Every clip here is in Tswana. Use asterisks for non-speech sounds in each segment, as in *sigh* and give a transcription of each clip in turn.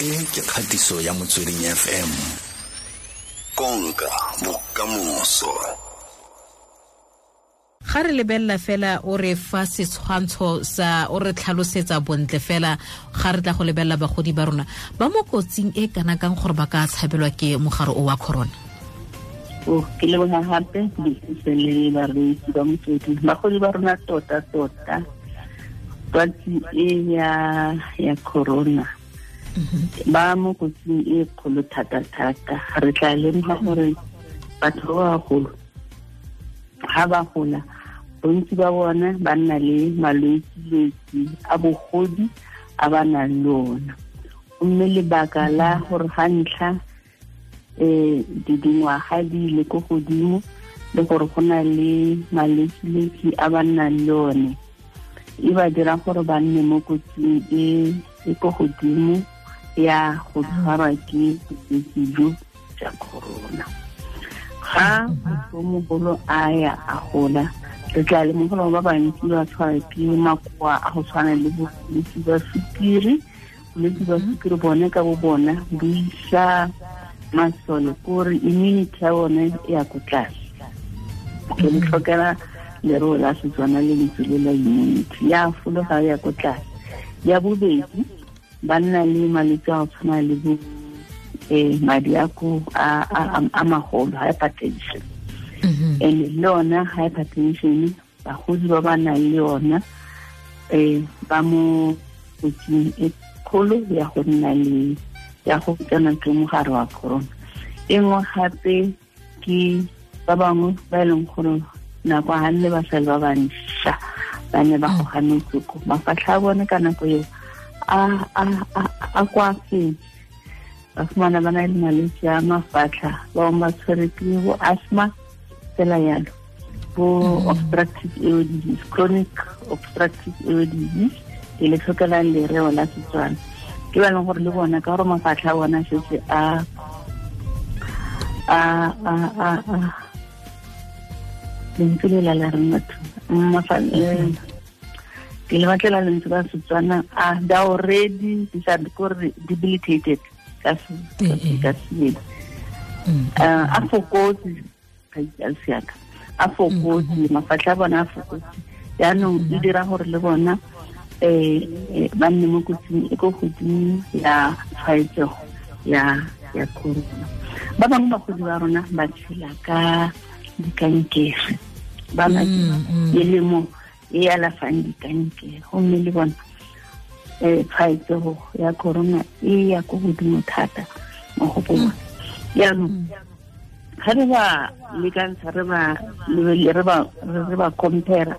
e ke kgatiso ya motsweding fm konka bokamoso ga re lebelela fela o re fa setshwantsho sa o re tlhalosetsa bontle fela ga re tla go lebelela bagodi ba rona ba mo kotsing e kana kang gore ba ka tshabelwa ke mogare o wa corona o ke leboga gape dise le bareetsi ba motswedi bagodi ba rona tota-tota twatsi e ya corona ba mo kotsing e kgolo thata-thata re tla lemoga gore batho ba bagolo ga ba gola bontsi ba bona ba nna le malwetsi-lwetsi a bogodi a ba nang le ona mme lebaka la gore ga ntlha um eh, dingwaga di ile ko godimo le gore go na le malwetsi-lwetsi a ba nnang le one e ba dira gore ba nne mo kotsing e, e ko godimo ya go tshwarwa ke botsekijo ja corona ga motlhomogolo a ya a gola re tla le lemogela ba bantsi ba tshwara ke makoa a go tshwana le bolwetse ba sukiri bolwetse ba sukiri bone ka bo bona bo masole kore immunity ya bone e ya ko tlase ke le tlhokela leroo la setswana le lentse le la immunity ya fologa ya ko tlase ya bobedi ba nna le malwetse a go tshwana le bo um madi a ko a magolo hypertension mm-hmm. and le yona hypertension bagodi ba ba nang le yona um ba mo kotsing e kgolo ya go nna le ya go tsena ke mogare wa corona e nngwe gape ke ba bangwe ba e leng gore nako ga nne ba ba bantšha ba ne ba mm. goga mafatlha a bone ka nako eo Ah, ah, ah, a koafetse ba fumana ba na le malwetse a mafatlha ba bangwe ba tshwere ke bo asthma fela yalo bo mhm. obstructive eo disease chronic obstructive eo disease e le tlhokelang lereo la setswana ke ba e leng gore le bona ka gore mafatlha a bona setse a a a a lentswe lela la reng batho mhm ke le batlela lentswe ka setswana a da already already kore debilitated eh, eh. mm, eh, ka seena a fokotse kaikalse ka a fokotse mm, mm, mafatlha a bona a fokotse no di e dira gore le bona um ba nne mo kotsing e ko godimo ya tshwaetsego ya ya corona ba bangwe bagodi ba rona ba tshela ka dikankere ba melemo mm, mm. E e alafang dikankere gomme le bona um eh, tshwaetsego ya corona e ya ko godimo thata mo go bona jaanong ga re ba lekantsha re ba compara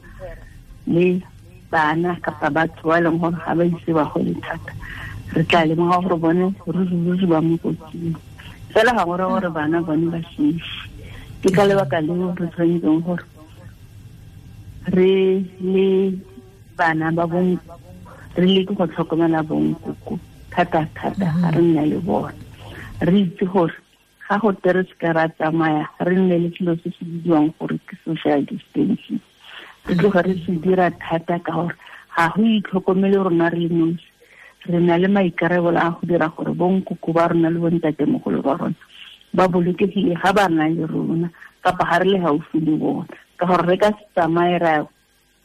le bana kapa batho ba e leng gore ga ba ise ba gole thata re tla lemoga gore bone ruri ba mo kotsing fela ga gore gore bana bone ba sese ke ka lebaka leo re tshwanetseng gore re le bana ba bong re le go tlhokomela bong kuku thata thata ga re nna le bone re itse gore ga go tere se ka ra tsamaya re nne le selo se se bidiwang gore ke social distancing re tloga re se dira thata ka gore ga go itlhokomele rona re le nosi re na le maikarabelo a go dira gore bong kuku ba rona le bontatemogolo ba rona ba bolokegile ga ba nna le rona kapa ga re le gaufi le bona ka gore re ka se tsamaye ra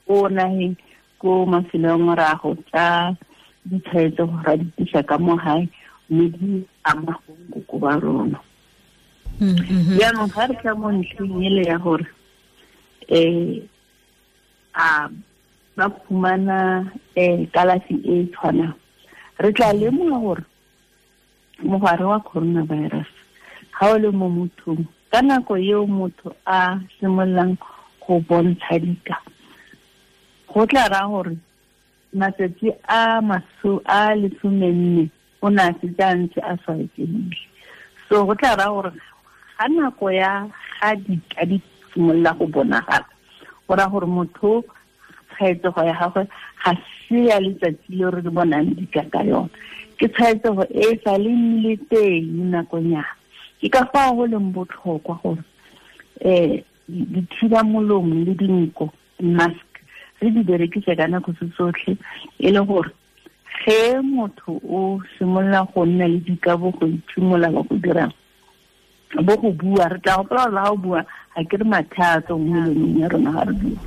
ko nageng ko mafelong rago tsa ditshwaetso go ra ditisa ka mo gae mme di ama ko ba rona jaanong ga re tla mo ntlheng le ya gore um a ba fumana um kalafi e e tshwanang re tla lemoga gore mogare wa coronavirus ga o le mo mothong ka nako eo motho a simololang go bontsha dika go tla ra gore matsatsi a maso a lesomenne o ne a setse a ntse a swaetsemile so go tla ra gore ga nako ya ga dika di simolola go bonagala go raya gore motho tshwaetsego ya gagwe ga se ya letsatsi le re di bonang dika ka yona ke tshwaetsego e e sa le nnile teng nakong ya ke ka fa go leng botlhokwa gore um dithiba molong le dinko mask re di berekise ka nako se tsotlhe e le gore ge motho o simolola go nna le dikabo go itshimola ba go dirang bo go bua re tla gopela gore ga o bua ga ke re mathato molemong ya rona ga re bua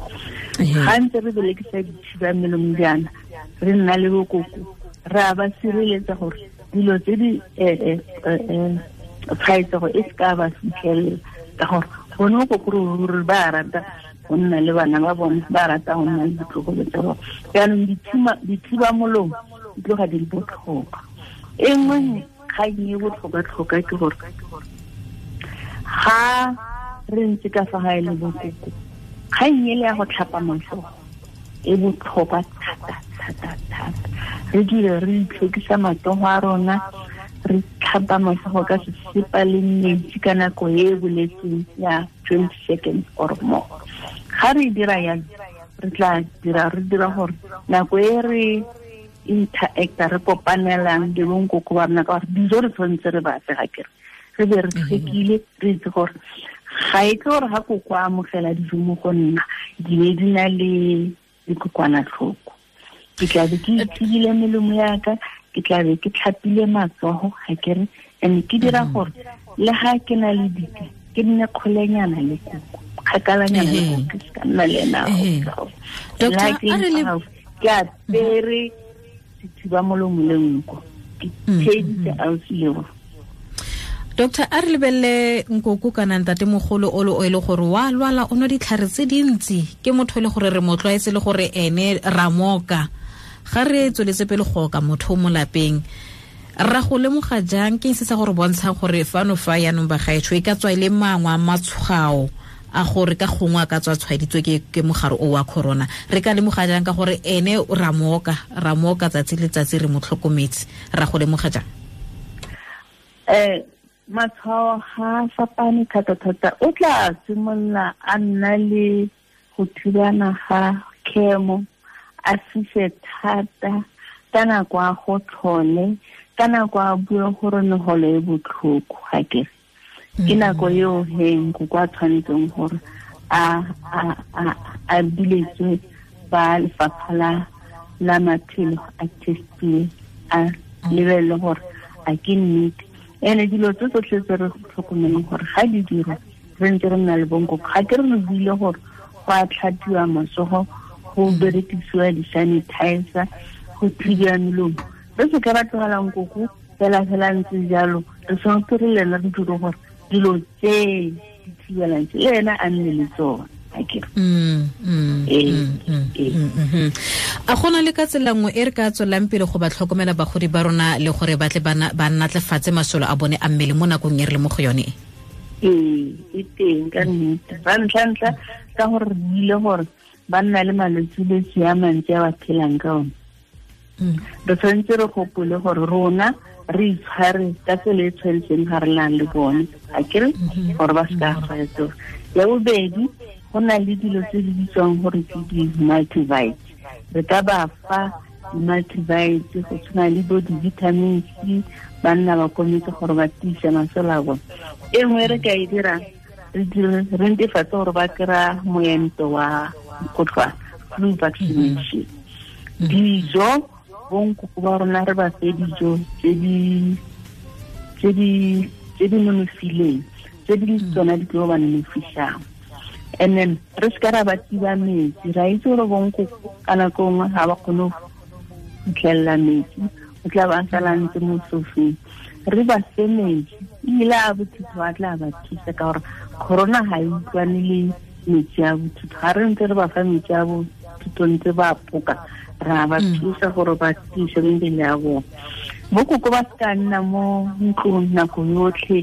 gantse re berekisa dithiba melong jaana re nna le bokoko re a ba sireletsa gore dilo tse di eh, eh, eh, tshwaetsego e se ka ba fitlhelela ka gore kgone go gore ba rata go nna le bana ba bone ba rata go nna le ditlogolo tsa bone jaanong dithubamolomo di tloga di le botlhokwa e nngwe kgang e botlhokwa-tlhokwa ke gore ga re ntse ka fa gae le bokoko kgang e le ya go tlhapa matlhogo e botlhokwa thata-thata-thata re dire re itlhokisa matsogo a rona re Hap pa mwese ho ka sisi palin li, chika na kweye wile si ya 20 second or more. Kari dira yan, ritla dira, ritla hor, na kweye re, e ta ekta repopane lan, diwon koko wap, na kwa dizo rito mwese re ba se haker. Re veri se ki le, ritlo hor, haye kor ha koko wap mwese la dizo mwokon, diwe dina li, di koko wap na choko. Dika di ki li, di ki le mwese la mwese la koko, ke tla be ke tlhapile matsogo ga kere and ke dira mm. gore le ga ke na le dite ke nne kgolenyana le koko kgakalanyana le koko ke ka nna le enao ke apere sethuba molomo mm, mm, le nko ke theditse ausi leo doctor a re lebelele nkoko kana ntate mogolo o le o e le gore wa lwala o nwa ditlhare tse dintsi ke motho le gore re mo tlwaetse le gore ene ramoka ga re tsweletse pele go ka motho mo lapeng ra go lemoga jang ke se sa gore bontsha gore fano fa yaanong bagaetsho e ka tswa e le mangwe a matshwao a gore ka gongwe a ka tswa tshwaditswe ke, ke mogare o wa corona re ka lemoga jang ka gore ene ra mooka ra mooka tsatsi letsatsi re motlhokometse ra go lemoga jang um matshwao ga fapane thata-thata o tla simolola a nna le go thubana ga chemo a fiše thata ka nako a go tlhole ka nako a bue gore negolo e botlhoko ga ke ke mm-hmm. nako yeo heng ko kwa tshwanetseng gore a a a a biletswe ba lefapha la la maphelo a testiwe a mm-hmm. lebelele gore a ke nnete ene dilo tse tsotlhe tse re tlhokomeleng gore ga di dirwa re ntse re nna le bonkoko ga ke re re buile gore go a tlhapiwa matsogo go berekisiwa di-sanitizer go thibiwa melomo re se ke ba tlogelang koko fela-fela ntse jalo re tshwanetse re lena re dire gore dilo tse di thibelang tse le ena a nne le tsone a gona le ka tsela nngwe e re ka tswelang pele go ba tlhokomela bagodi ba rona le gore ba tle ba natlefatse masolo a bone a mmele mo nakong e re le mo go yone ee e teng ka nnete sa ntlha-ntlha ka gore re buile gore Ban male malo sibe siya manje wakil anka o. Do sanje roko pou le hororona, ri hari, tako le chan sen hari lande kon. Akil, horwa ska fay to. Ya ou mm. e be mhm. di, hona li di lo se li di chan hori ti di malte vayt. Re taba afa, malte vayt, se chan li do di vitamin si, ban nawa konye se horwa ti seman so la o. E mwere e ka idira, e Rende fato ouro bakera mwen towa koutwa, nou vaksinansye. Mm-hmm. Di zo, bon kouk warnar ba se di zo, se di mouni file, se di zonadik nou wane mouni fisa. Enen, reskara vati wane, zay zo ouro bon kouk anakou nga hawak nou gelane. Mwen kouk wane, mwen kouk wane, mwen kouk wane, mwen kouk wane. re ba semedi ile a bothutho a tla ba thusa ka gore corona ga e le metsi a bothutho ga re ntse re ba fa metsi a bothutho ntse ba poka ra ba mm. thusa gore ba thusa mebele ya bone bo koko ba seka nna mo ntlong nako yotlhe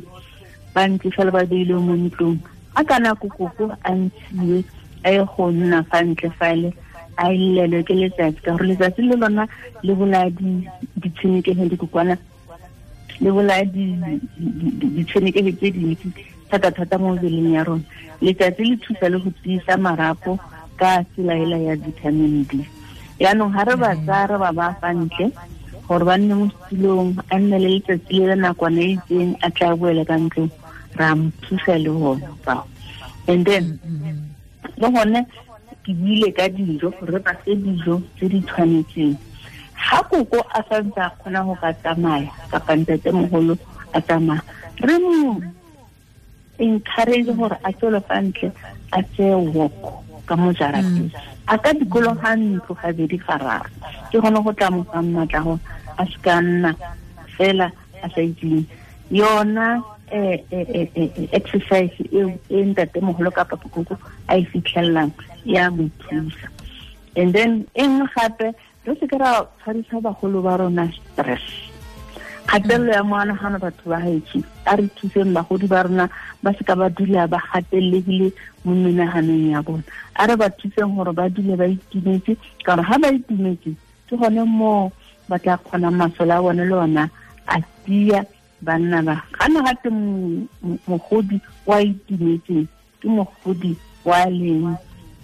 ba ntse fela ba beile mo ntlong a ka nako koko a ntshiwe a ye go nna fa ntle fa fale a ilelwe e ke letsatsi ka gore letsatsi le lona le bolaya ditshenekegeng dikokwana le ke ke tse dintsi thata-thata mo beleng ya rona letsatsi le thusa le go tiisa marapo ka ela ya vitamin d no ga re ba tsaya mm-hmm. re ba ba fantle gore ba nne mo tsilong a nne le letsatsi le le nakwana e itseng a tla boela ka ntlo ra mo thusa le gone fao and then mm-hmm. le gone ke buile ka dijo gore ba se dijo tse di tshwanetseng ha koko a sa a kgona go ka tsamaya kapa ntatemogolo a tsamaya re mo encourage gore a fa ntle a tseye walk ka mo jarateng mm. a ka dikolong ga ntlo gabedi gararo ke gone go tla mofang gore a se ka nna fela a sa itseng yona eh, eh, eh, exercise e ntatemogolo kapa pokoko a e fitlhelelang ya mo thusa and then e nngwe gape jo se ke ra tshwarisa bagolo ba rona stress gatelelo ya moanagano batho ba gaetse a re thuseng bagodi ba rona ba seka ba dula ba gatelegile mo menaganong ya bona a re ba thuseng gore ba dule ba itumetse kare ga ba itumetse ke gone mo ba tla kgona masole a bone le ona a tia banna ba ga ne gate mogodi wa itumetseng ke mogodi wa leng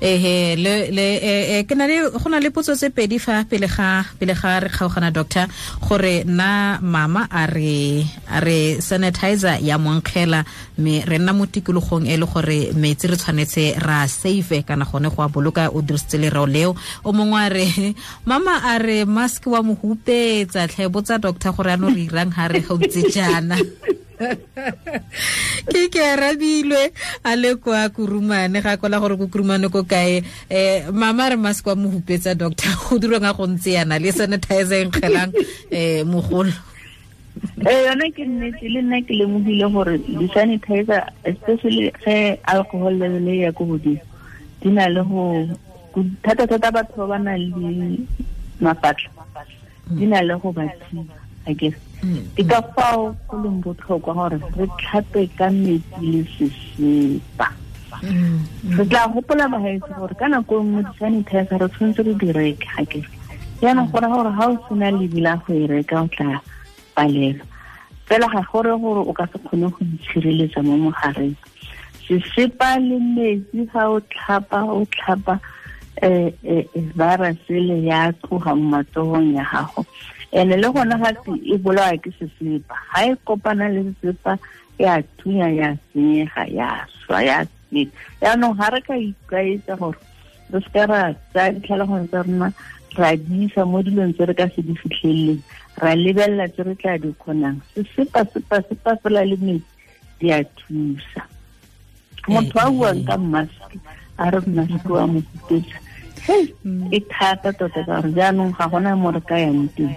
ehe le le e, e, ke na le go na le potso tse pedi fa pele ga pele ga re kgaogana doctor gore na mama a re a re sanitizer ya monkgela me re nna mo tikologong e le gore metsi re tshwanetse ra save kana gone go a boloka o dirisitse lereo leo o mongwe a re mama a re mask wa mohupetsa tlhae botsa doctor gore ano re irang ha re gautse jaana *laughs* ke ke arabilwe a le kwa kurumane ga kola gore ko kurumane ko kae um mama re mase kwa mo hupetsa doctor go dirwa nga go ntse yana le sanitizer e nkgelang um mogolo e eh, yone ke nnetse le nna ke lemogile gore di-sanitizer especially ge alcohol level e ya ko godimo di na le go thata-thata batho ba ba nang le mafatlha di na le go ba i guess Tika fao kulung butho kwa hore, re chate ka neti le sisi pa. Re tla hopola ba hae se hore, kana kwa mwiti sani thesa, re tsunzo re di reka hake. Yana kora hore, hao suna li bila ho e reka, o tla palelo. Pela ha hore hore, o ka se kone ho nchirele za momo hare. Sisipa le neti ha o tlapa, o tlapa, e e e ba ra sele ya tloga mmatogong ya gago ene le gona ga se e bolwa ke se sepa ha e kopana le se sepa ya tunya ya se ga ya swa ya ni ya no ha re ka itse go re se ra tsa tlhala go ntse rena ra di sa mo di lentse re ka se di fitlhelle ra lebella tse re tla di khona se sepa sepa sepa fela le ni ya tusa mo twa wa ka mask a re nna se go amo ke e thata tota ka re jaanong ga gona mo re ka yang teng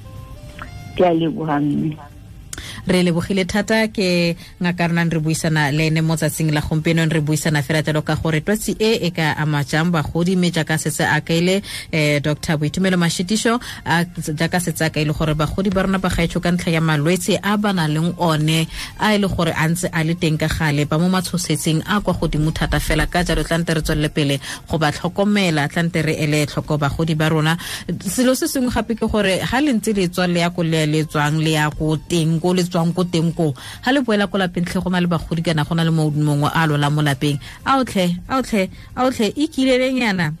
ke a leboga re lebogile thata ke ngaka rona re buisana le ene mo tsatsing la gompieno re buisana fela jalo ka gore twatsi e e ka ama jang bagodi mme jaaka setse eh, a kaile um dr boitumelo mashitiso jaaka setse a kaile gore bagodi ba rona ba gaetsho ka ntlha ya malwetse a ba nang leng one a e le gore a ntse a le teng ka gale ba mo matshosetsing a kwa godimo thata fela ka jalo tlante re tswelele pele go ba tlhokomela tlante re ele tlhoko bagodi ba rona selo se sengwe gape ke gore ga le ntse le tswa le ya ko le ya le tswang le ya ko teng ko le tswang ko teng ko ga le boela ko lapeng tlhe go na le bagodi kana go na le mongwe a lola mo lapeng a otlhe a otlhe a otlhe e kileleng yana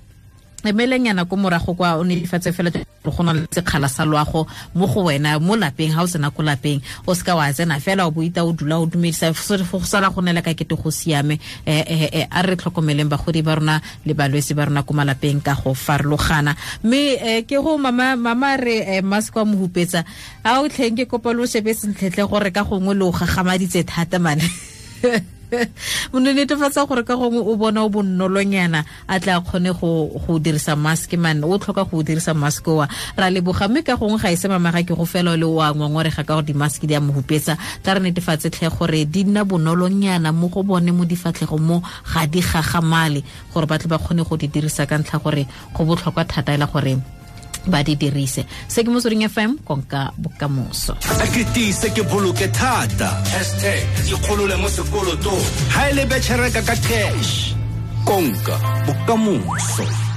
emelenyana ko morago kwa o netefatse fela go na le sekgala sa loago mo go wena mo lapeng ga o tsena ko lapeng o seka wa tsena fela o boita o dula o dumedisa go sala go nela ka kete go siame e, e, e, a re tlhokomeleng bagodi ba rona le balwetse ba rona ko malapeng ka go farologana mme ke go mama re masekwa mohupetsa a o tlheng ke kopa le o shebe sentlhetlhe gore ka gongwe le o gagamaditse thata mane *laughs* *laughs* mono netefatsa gore ka gongwe o bona o bonnolonyana a tla kgone go dirisa mask man o tlhoka go dirisa mask oa ra leboga mme ka gongwe ga e se mamaga ke go fela le o a ngongorega ka gore dimask di a mo hupetsa ka re netefatse tlhe gore di nna bonolonyana mo go bone mo difatlhego mo ga di gagamale gore batle ba kgone go di dirisa ka ntlha gore go botlhokwa thata ela gore ba di dirise se ke motsweding fm konka bokamoso a ketise ke boloke thata hashtag ikgolole mo sekoloto ga e lebetšhereka ka cash konka bokamoso